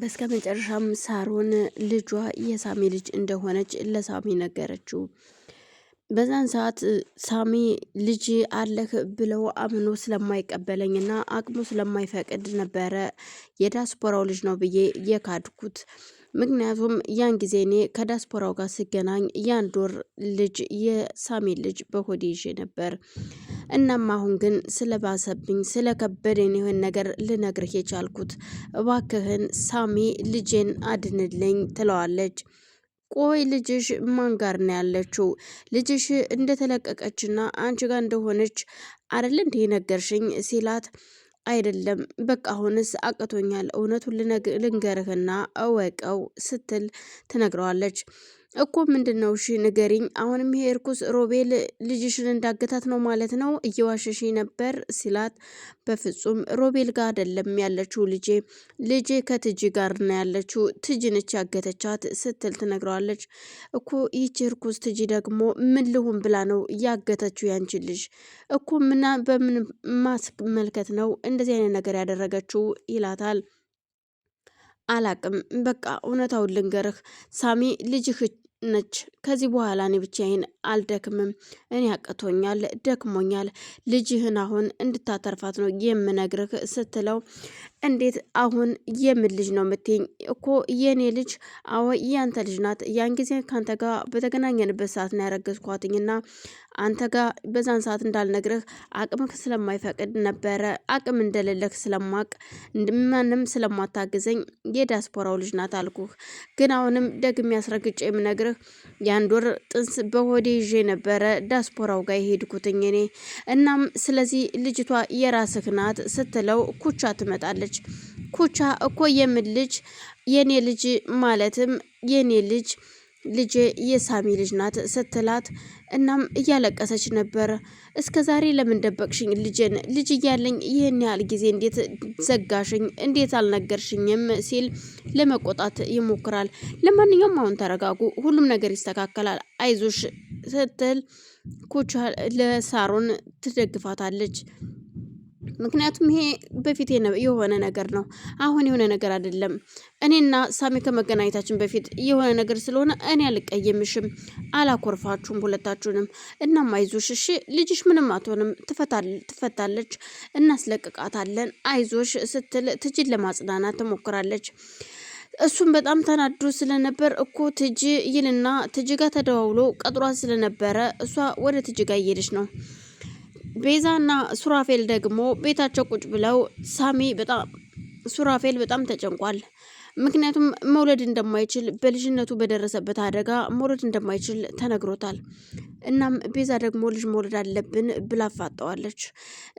በስከ መጨረሻም ሳሮን ልጇ የሳሚ ልጅ እንደሆነች ለሳሚ ነገረችው። በዛን ሰዓት ሳሚ ልጅ አለህ ብለው አምኖ ስለማይቀበለኝና አቅሙ ስለማይፈቅድ ነበረ የዲያስፖራው ልጅ ነው ብዬ የካድኩት። ምክንያቱም ያን ጊዜ እኔ ከዲያስፖራው ጋር ስገናኝ የአንድ ወር ልጅ የሳሜ ልጅ በሆዴ ይዤ ነበር። እናም አሁን ግን ስለባሰብኝ ስለከበደኝ ይህን ነገር ልነግርህ የቻልኩት እባክህን ሳሜ ልጄን አድንልኝ ትለዋለች። ቆይ ልጅሽ ማን ጋር ነው ያለችው? ልጅሽ እንደተለቀቀችና አንቺ ጋር እንደሆነች አይደል እንዲህ ነገርሽኝ ሲላት አይደለም በቃ አሁንስ አቅቶኛል፣ እውነቱን ልንገርህና እወቀው ስትል ትነግረዋለች። እኮ ምንድን ነው? እሺ ንገሪኝ። አሁንም ይሄ እርኩስ ሮቤል ልጅሽን እንዳገታት ነው ማለት ነው? እየዋሸሽ ነበር ሲላት፣ በፍጹም ሮቤል ጋር አይደለም ያለችው ልጄ ልጄ ከትጂ ጋር ነው ያለችው፣ ትጂ ነች ያገተቻት ስትል ትነግረዋለች። እኮ ይቺ እርኩስ ትጂ ደግሞ ምን ልሁን ብላ ነው ያገተችው ያንቺ ልጅ? እኮ ምና በምን ማስመልከት ነው እንደዚህ አይነት ነገር ያደረገችው ይላታል። አላቅም በቃ እውነታውን ልንገርህ ሳሚ ልጅህ ነች። ከዚህ በኋላ እኔ ብቻዬን አልደክምም፣ እኔ አቅቶኛል፣ ደክሞኛል፣ ልጅህን አሁን እንድታተርፋት ነው የምነግርህ ስትለው እንዴት አሁን የምን ልጅ ነው የምትይኝ? እኮ የእኔ ልጅ አዎ ያንተ ልጅ ናት። ያን ጊዜ ከአንተ ጋር በተገናኘንበት ሰዓት ነው ያረገዝኳትኝና አንተ ጋር በዛን ሰዓት እንዳልነግርህ አቅምህ ስለማይፈቅድ ነበረ። አቅም እንደሌለህ ስለማቅ ማንም ስለማታግዘኝ የዲያስፖራው ልጅ ናት አልኩህ። ግን አሁንም ደግሜ አስረግጬ የምነግርህ የአንድ ወር ጥንስ በሆዴ ይዤ ነበረ ዳስፖራው ጋር የሄድኩትኝ እኔ። እናም ስለዚህ ልጅቷ የራስህ ናት ስትለው ኩቻ ትመጣለች። ኩቻ እኮ የምን ልጅ የኔ ልጅ ማለትም የኔ ልጅ ልጄ የሳሚ ልጅ ናት ስትላት፣ እናም እያለቀሰች ነበር እስከ ዛሬ ለምን ደበቅሽኝ? ልጄን ልጅ እያለኝ ይህን ያህል ጊዜ እንዴት ዘጋሽኝ? እንዴት አልነገርሽኝም? ሲል ለመቆጣት ይሞክራል። ለማንኛውም አሁን ተረጋጉ፣ ሁሉም ነገር ይስተካከላል፣ አይዞሽ ስትል ኩቻ ለሳሮን ትደግፋታለች። ምክንያቱም ይሄ በፊት የሆነ ነገር ነው፣ አሁን የሆነ ነገር አይደለም። እኔና ሳሚ ከመገናኘታችን በፊት የሆነ ነገር ስለሆነ እኔ አልቀየምሽም፣ አላኮርፋችሁም ሁለታችሁንም። እናም አይዞሽ እሺ፣ ልጅሽ ምንም አትሆንም፣ ትፈታለች፣ እናስለቅቃታለን፣ አይዞሽ ስትል ትጅን ለማጽናናት ትሞክራለች። እሱም በጣም ተናዶ ስለነበር እኮ ትጅ ይልና ትጅጋ ተደዋውሎ ቀጥሯ ስለነበረ እሷ ወደ ትጅጋ እየሄደች ነው። ቤዛና ሱራፌል ደግሞ ቤታቸው ቁጭ ብለው ሳሚ በጣም ሱራፌል በጣም ተጨንቋል። ምክንያቱም መውለድ እንደማይችል በልጅነቱ በደረሰበት አደጋ መውለድ እንደማይችል ተነግሮታል። እናም ቤዛ ደግሞ ልጅ መውለድ አለብን ብላ አፋጠዋለች።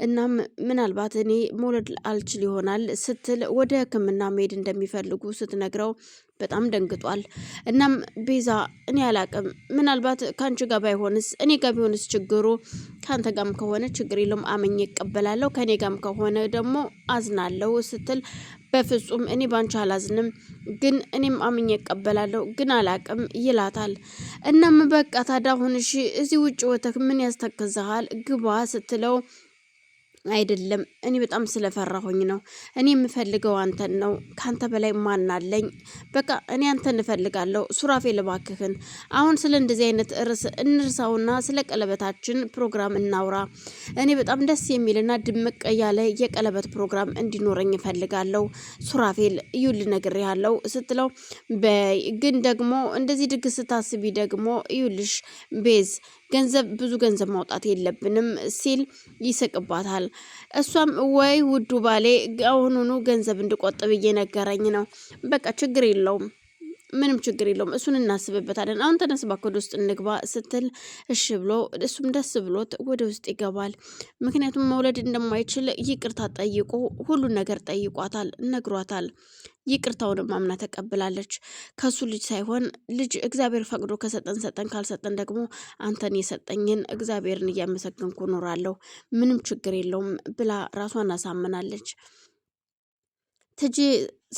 እናም ምናልባት እኔ መውለድ አልችል ይሆናል ስትል ወደ ሕክምና መሄድ እንደሚፈልጉ ስትነግረው በጣም ደንግጧል። እናም ቤዛ እኔ አላቅም፣ ምናልባት ከአንቺ ጋር ባይሆንስ እኔ ጋር ቢሆንስ ችግሩ ከአንተ ጋም ከሆነ ችግር የለውም አመኝ ይቀበላለሁ፣ ከእኔ ጋም ከሆነ ደግሞ አዝናለሁ ስትል በፍጹም እኔ ባንቺ አላዝንም፣ ግን እኔም አምኜ እቀበላለሁ፣ ግን አላቅም ይላታል። እናም በቃ ታዲያ አሁን እሺ እዚህ ውጭ ወተክ ምን ያስተክዝሃል ግባ ስትለው አይደለም እኔ በጣም ስለፈራሁኝ ነው። እኔ የምፈልገው አንተን ነው። ከአንተ በላይ ማን አለኝ? በቃ እኔ አንተን እፈልጋለሁ። ሱራፌ እባክህን፣ አሁን ስለ እንደዚህ አይነት ርዕስ እንርሳውና ስለ ቀለበታችን ፕሮግራም እናውራ። እኔ በጣም ደስ የሚልና ድምቅ ያለ የቀለበት ፕሮግራም እንዲኖረኝ እፈልጋለሁ። ሱራፌል እዩል ነገር ያለው ስትለው፣ በይ ግን ደግሞ እንደዚህ ድግስ ስታስቢ ደግሞ እዩልሽ ቤዝ ገንዘብ ብዙ ገንዘብ ማውጣት የለብንም ሲል ይስቅባታል። እሷም ወይ ውዱ ባሌ አሁኑኑ ገንዘብ እንድቆጥብ እየነገረኝ ነው። በቃ ችግር የለውም ምንም ችግር የለውም፣ እሱን እናስብበታለን። አሁን ተነስ እባክህ ወደ ውስጥ እንግባ ስትል እሺ ብሎ እሱም ደስ ብሎት ወደ ውስጥ ይገባል። ምክንያቱም መውለድ እንደማይችል ይቅርታ ጠይቆ ሁሉን ነገር ጠይቋታል፣ ነግሯታል። ይቅርታውንም አምና ተቀብላለች። ከሱ ልጅ ሳይሆን ልጅ እግዚአብሔር ፈቅዶ ከሰጠን ሰጠን፣ ካልሰጠን ደግሞ አንተን የሰጠኝን እግዚአብሔርን እያመሰገንኩ እኖራለሁ፣ ምንም ችግር የለውም ብላ ራሷን አሳምናለች። ትጂ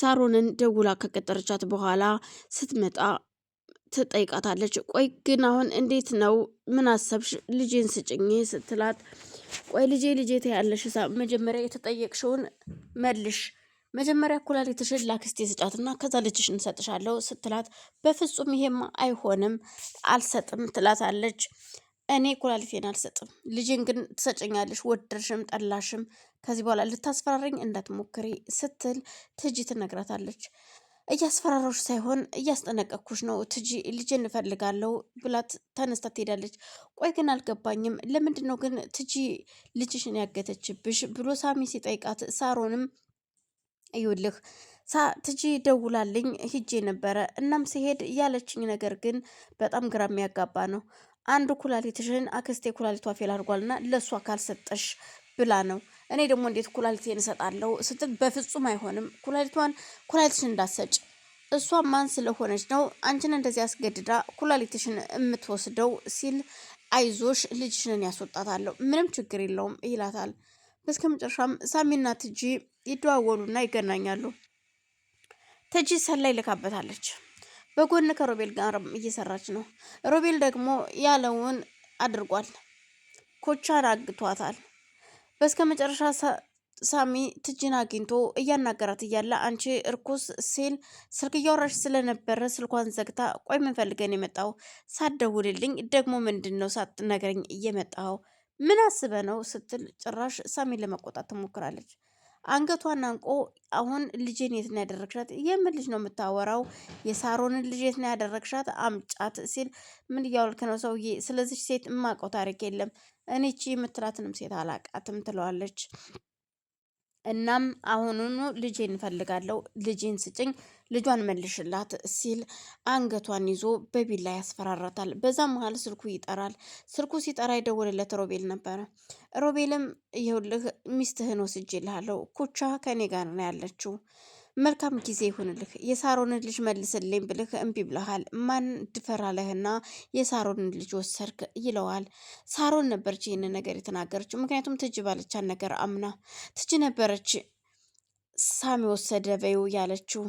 ሳሮንን ደውላ ከቀጠረቻት በኋላ ስትመጣ ትጠይቃታለች። ቆይ ግን አሁን እንዴት ነው? ምን አሰብሽ? ልጄን ስጭኝ ስትላት፣ ቆይ ልጄ ልጄ ትያለሽ፣ መጀመሪያ የተጠየቅሽውን መልሽ መጀመሪያ ኩላሊትሽን ላክስቴ ስጫትና ከዛ ልጅሽ እንሰጥሻለሁ ስትላት፣ በፍጹም ይሄማ አይሆንም አልሰጥም ትላታለች። እኔ ኩላሊቴን አልሰጥም፣ ልጅን ግን ትሰጨኛለሽ፣ ወደርሽም ጠላሽም። ከዚህ በኋላ ልታስፈራረኝ እንዳትሞክሪ ስትል ትጂ ትነግራታለች። እያስፈራራሁሽ ሳይሆን እያስጠነቀኩሽ ነው ትጂ፣ ልጄን እንፈልጋለሁ ብላት ተነስታ ትሄዳለች። ቆይ ግን አልገባኝም፣ ለምንድን ነው ግን ትጂ ልጅሽን ያገተችብሽ ብሎ ሳሚ ሲጠይቃት ሳሮንም ሳ ሳትጂ ደውላልኝ ሂጄ ነበረ። እናም ሲሄድ ያለችኝ ነገር ግን በጣም ግራ የሚያጋባ ነው። አንዱ ኩላሊትሽን አክስቴ ኩላሊቷ ፌል አድርጓልና አካል ሰጠሽ ብላ ነው። እኔ ደግሞ እንዴት ኩላሊቴን እሰጣለሁ ስትል በፍጹም አይሆንም፣ ኩላሊቷን ኩላሊትሽን እንዳትሰጭ እሷ ማን ስለሆነች ነው አንቺን እንደዚህ አስገድዳ ኩላሊትሽን የምትወስደው ሲል አይዞሽ ልጅሽንን ያስወጣታለሁ፣ ምንም ችግር የለውም ይላታል። በስከ መጨረሻም ሳሚና ትጂ ይደዋወሉና ይገናኛሉ። ትጂ ሰላይ ልካበታለች። በጎን ከሮቤል ጋር እየሰራች ነው። ሮቤል ደግሞ ያለውን አድርጓል። ኮቻን አግቷታል። በስከ መጨረሻ ሳሚ ትጂን አግኝቶ እያናገራት እያለ አንቺ እርኩስ ሲል ስልክ እያወራሽ ስለነበረ ስልኳን ዘግታ፣ ቆይ ምን ፈልገን የመጣው ሳትደውልልኝ ደግሞ ምንድን ነው ሳትነግረኝ እየመጣው ምን አስበ ነው ስትል ጭራሽ ሳሚን ለመቆጣት ትሞክራለች። አንገቷን አንቆ አሁን ልጄን የት ነው ያደረግሻት? የምን ልጅ ነው የምታወራው? የሳሮንን ልጅ የት ነው ያደረግሻት? አምጫት ሲል ምን እያወልክ ነው ሰውዬ? ስለዚች ሴት የማውቀው ታሪክ የለም እኔ እቺ የምትላትንም ሴት አላቃትም ትለዋለች። እናም አሁኑኑ ልጄን እንፈልጋለሁ ልጄን ስጭኝ ልጇን መልሽላት ሲል አንገቷን ይዞ በቢላ ያስፈራራታል። በዛ መሀል ስልኩ ይጠራል። ስልኩ ሲጠራ የደወለለት ሮቤል ነበረ። ሮቤልም ይኸውልህ ሚስትህን ወስጄልሃለሁ፣ ኩቻ ከኔ ጋር ነው ያለችው መልካም ጊዜ ይሁንልህ። የሳሮንን ልጅ መልስልኝ ብልህ እምቢ ብለሃል። ማን ድፈራለህና የሳሮንን ልጅ ወሰድክ? ይለዋል። ሳሮን ነበረች ይህን ነገር የተናገረችው። ምክንያቱም ትጅ ባለቻን ነገር አምና ትጅ ነበረች ሳሚ ወሰደ በይው ያለችው